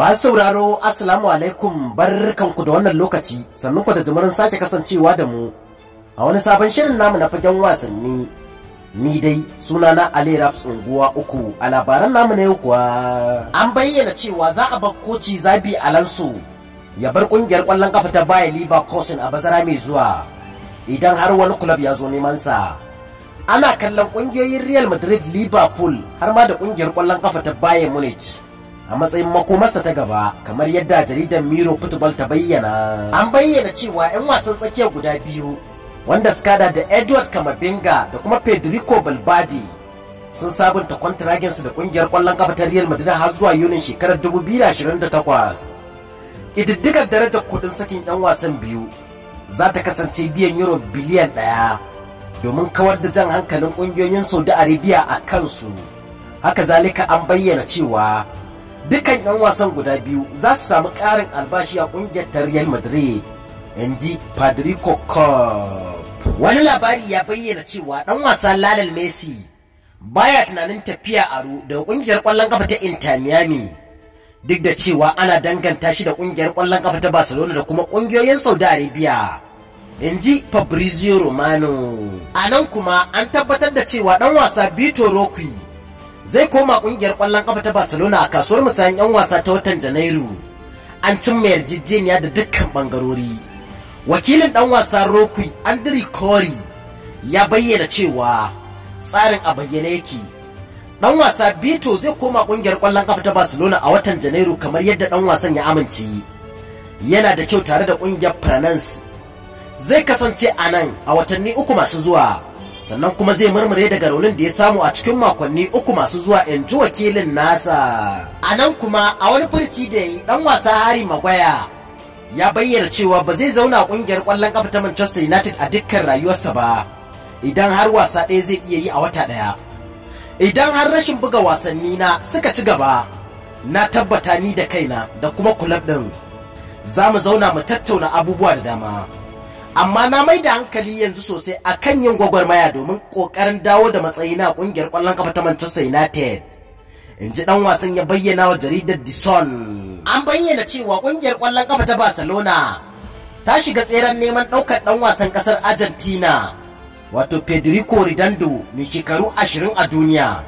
Masu sauraro Assalamu alaikum barkanku da wannan lokaci ku da jimurin sake kasancewa da mu a wani sabon shirin namu na fagen wasanni ni dai sunana Ali Raps unguwa uku a labaran namu na yau kuwa an bayyana cewa za a bar koci Zabi Alonso ya bar kungiyar kwallon kafa ta Bayer Leverkusen a bazara mai zuwa idan har wani club ya zo neman sa ana kallon kungiyoyin Real Madrid Liverpool har ma da kungiyar kwallon kafa ta Bayern Munich a matsayin makomarsa ta gaba kamar yadda jaridar miro football ta bayyana an bayyana cewa 'yan wasan tsakiya guda biyu wanda suka da da edward kamabinga da kuma federico balbadi sun sabunta su da kungiyar kwallon kafa ta real madrid har zuwa yunin shekarar 2028 ƙididdigar darajar kuɗin sakin 'yan wasan biyu za ta kasance biyan euro biliyan ɗaya domin kawar da jan hankalin ƙungiyoyin saudi arabia a kansu haka zalika an bayyana cewa dukkan 'yan wasan guda biyu za su samu ƙarin albashi a ƙungiyar ta Real Madrid in ji Padrico Cup. Wani labari ya bayyana cewa ɗan wasan Lionel Messi baya tunanin tafiya aro da ƙungiyar kwallon ƙafa ta Inter Miami duk da cewa ana danganta shi da ƙungiyar ƙwallon ƙafa ta Barcelona da kuma ƙungiyoyin Saudi Arabia. In ji Fabrizio Romano. A nan kuma an tabbatar da cewa ɗan wasa Vitor Roque zai koma kungiyar kwallon kafa ta Barcelona a kasuwar musayan 'yan wasa ta watan Janairu. An cimma yarjejeniya da dukkan bangarori. Wakilin dan wasa Rokui Andri Kori ya bayyana cewa tsarin a bayyane yake. Dan wasa Bito zai koma kungiyar kwallon kafa ta Barcelona a watan Janairu kamar yadda dan wasan ya amince. Yana da kyau tare da kungiyar Pranance. Zai kasance a nan a watanni uku masu zuwa. sannan kuma zai murmure daga raunin da ya samu a cikin makonni uku masu zuwa in ji wakilin nasa a nan kuma a wani furci da yi dan wasa hari magwaya ya bayyana cewa ba zai zauna kungiyar kwallon kafa ta manchester united a dukkan rayuwarsa ba idan har wasa ɗaya zai iya yi a wata ɗaya idan har rashin buga wasanni na suka ci gaba na tabbata ni da kaina da kuma kulab ɗin za mu zauna mu tattauna abubuwa da dama amma na mai da hankali yanzu sosai a kan yin gwagwarmaya domin kokarin dawo da matsayi na kungiyar kwallon kafa ta Manchester United in ji dan wasan ya bayyana wa jaridar The Sun an bayyana cewa ƙungiyar kwallon kafa ta Barcelona ta shiga tseren neman ɗaukar ɗan wasan ƙasar Argentina wato Federico Redondo mai shekaru 20 a duniya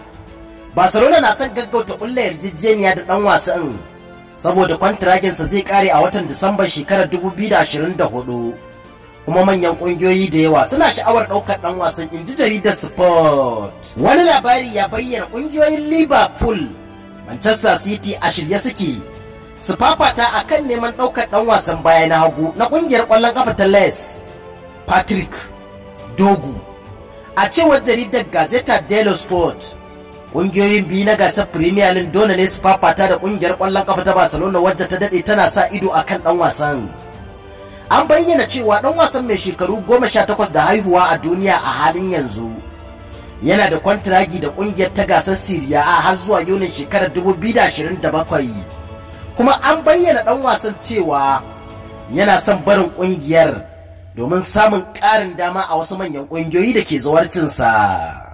Barcelona na son gaggauta ƙulla yarjejeniya da ɗan wasan saboda kwantiraginsa zai kare a watan Disambar shekarar 2024 kuma manyan kungiyoyi da yawa suna sha'awar ɗaukar ɗan wasan inji jaridar sport wani labari ya bayyana kungiyoyin liverpool manchester city a shirye suke su fafata a kan neman ɗaukar ɗan wasan baya na hagu na ƙungiyar ƙwallon ƙafa ta les patrick dogu a cewar jaridar gazeta dello sport ƙungiyoyin biyu na gasar premier league dole ne su fafata da ƙungiyar ƙwallon ƙafa ta barcelona wadda ta daɗe tana sa ido akan ɗan wasan an bayyana cewa dan wasan mai shekaru 18 da haihuwa a duniya a halin yanzu yana da kwantiragi da kungiyar ta gasar siriya a har zuwa yunin shekarar 2027 kuma an bayyana dan wasan cewa yana son barin kungiyar domin samun ƙarin dama a wasu manyan ƙungiyoyi da ke zawarcinsa.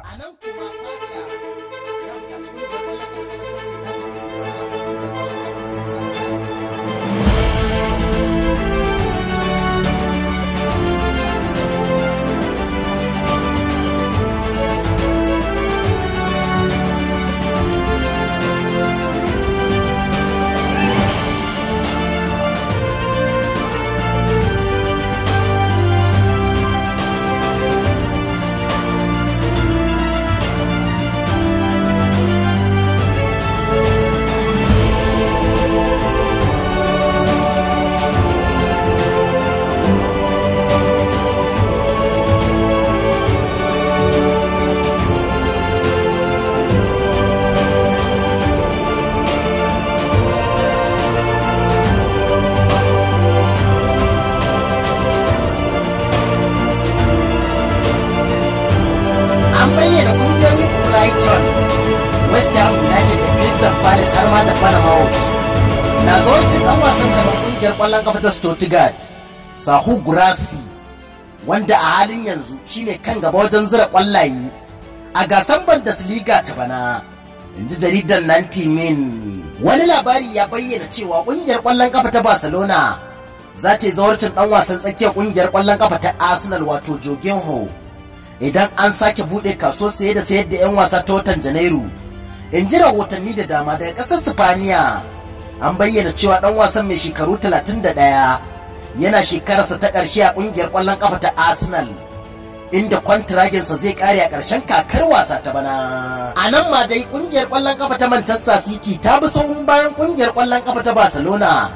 Kocin ɗan wasan gaban ƙungiyar ƙwallon kafa ta Stuttgart, Sahu Gurasi, wanda a halin yanzu shine kan gaba wajen zira kwallaye a gasar Bundesliga ta bana. inji ji jaridar Nanti Min. Wani labari ya bayyana cewa ƙungiyar ƙwallon kafa ta Barcelona za ta yi zawarcin ɗan wasan tsakiyar ƙungiyar ƙwallon kafa ta Arsenal wato Jorginho. Idan an sake buɗe kaso saye da sayar da 'yan wasa ta watan Janairu. In ji rahotanni da dama daga ƙasar Sifaniya. an bayyana cewa dan wasan mai shekaru 31 yana shekararsa ta ƙarshe a ƙungiyar ƙwallon ƙafa ta arsenal inda kwantiraginsa zai kare a ƙarshen kakar wasa ta bana a nan ma dai ƙungiyar ƙwallon ƙafa ta manchester city ta bi sahun bayan ƙungiyar ƙwallon ƙafa ta barcelona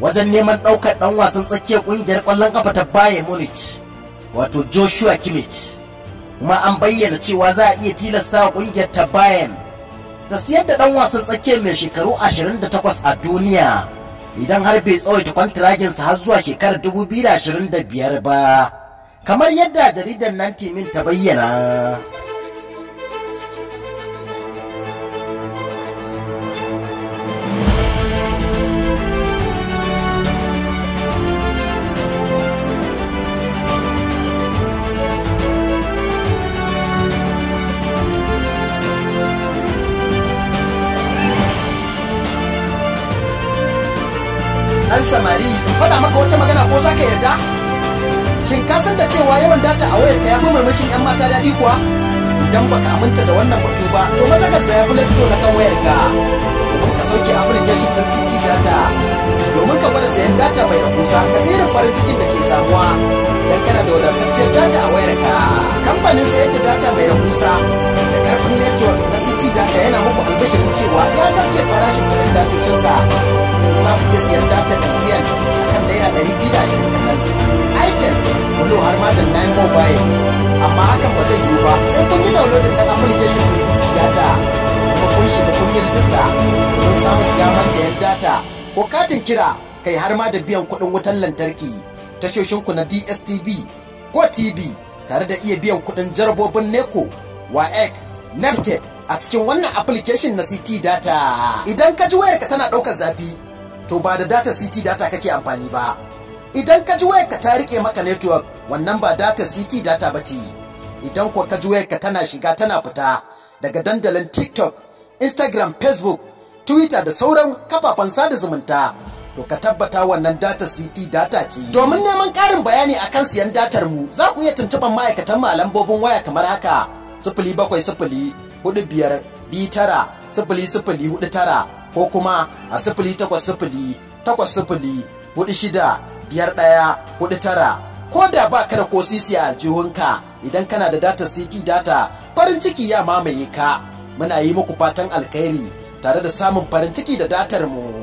wajen neman ɗaukar ɗan wasan tsakiyar ƙungiyar ƙwallon ƙafa ta bayern munich wato joshua kimmich kuma an bayyana cewa za a iya tilasta wa ƙungiyar ta bayern da siyar da dan wasan tsakiya mai shekaru 28 a duniya idan har bai tsawaita kwantiraginsa har zuwa shekarar 2025 ba kamar yadda jaridar nan timin ta bayyana an samari faɗa maka wata magana ko za ka yarda shin ka san da cewa yawan data a wayarka ya fi murmushin 'yan mata daɗi kuwa idan baka aminta da wannan batu ba to maza ka saya play store na kan wayarka domin ka sauke application ɗin city data domin ka gwada sayan data mai rahusa ka jerin farin cikin da ke samuwa idan kana da wadatacciyar data a wayarka kamfanin sayar da data mai rahusa da karfin network na city data yana muku albishirin cewa ya zarge farashin kuɗin datocinsa yanzu za ku iya ba sai kun yi downloading ɗan application da city data kuma kun shiga kun yi rijista domin samun damar sayan data ko katin kira kai har ma da biyan kuɗin wutar lantarki tashoshinku na dstv ko tv tare da iya biyan kuɗin jarabobin neco waec neftet a cikin wannan application na Ct data idan ka ji wayarka tana ɗaukar zafi to ba da data Ct data kake amfani ba idan ka ji wayarka ta riƙe maka network wannan ba data Ct data ba ce idan ko ka ka tana shiga tana fita daga dandalin tiktok instagram facebook twitter da sauran kafafen sada zumunta to ka tabbata wannan data city data ce domin neman ƙarin bayani akan siyan datar mu za ku iya tuntuɓar ma'aikatan lambobin waya kamar haka sifili bakwai sifili hudu biyar biyu tara sifili sifili hudu ko kuma a sifili takwas sifili takwas sifili hudu shida biyar ko da ba ka da ko sisi a aljihunka idan kana da data city data farin ciki ya mamaye ka muna yi muku fatan alkhairi tare da samun farin ciki da datar mu